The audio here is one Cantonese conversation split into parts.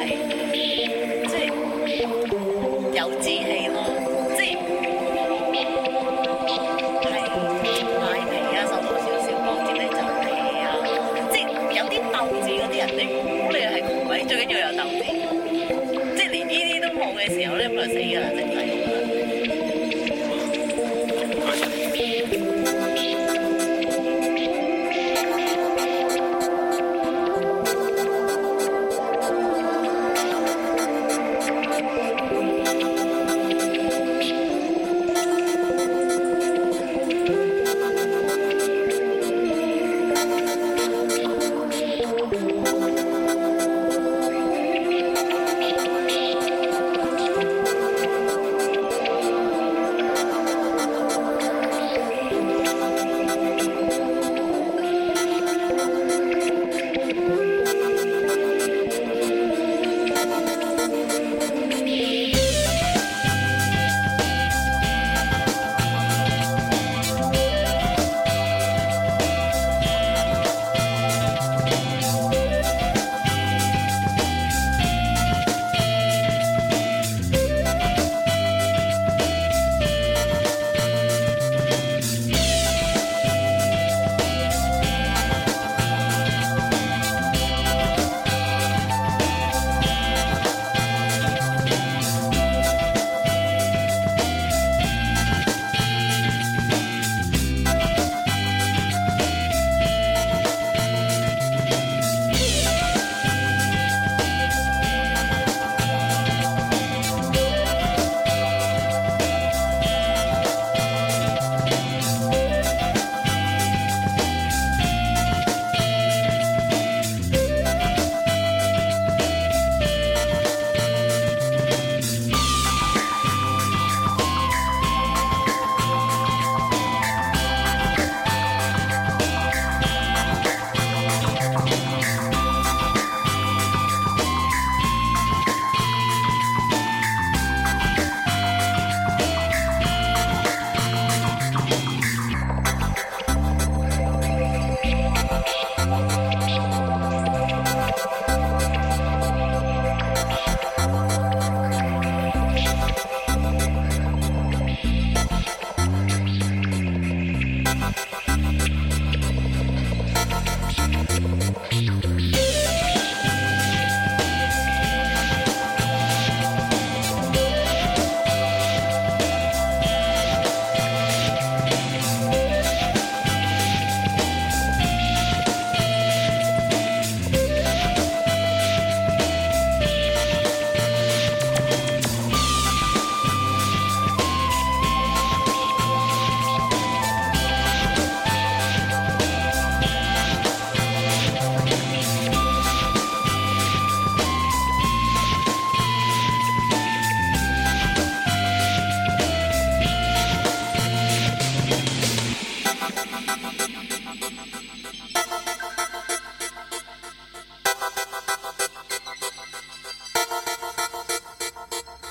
係，即係有志氣。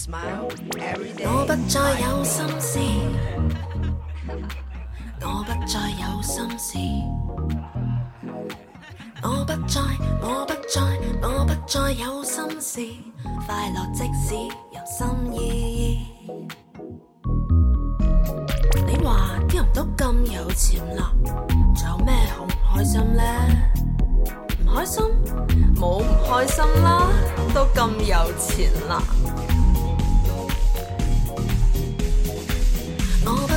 Smile, 我不再有心事， 我不再有心事， 我不再，我不再，我不再有心事。 快樂即使有心意，你話啲人都咁有錢啦，仲有咩好唔開心呢？唔開心，冇唔開心啦，都咁有錢啦。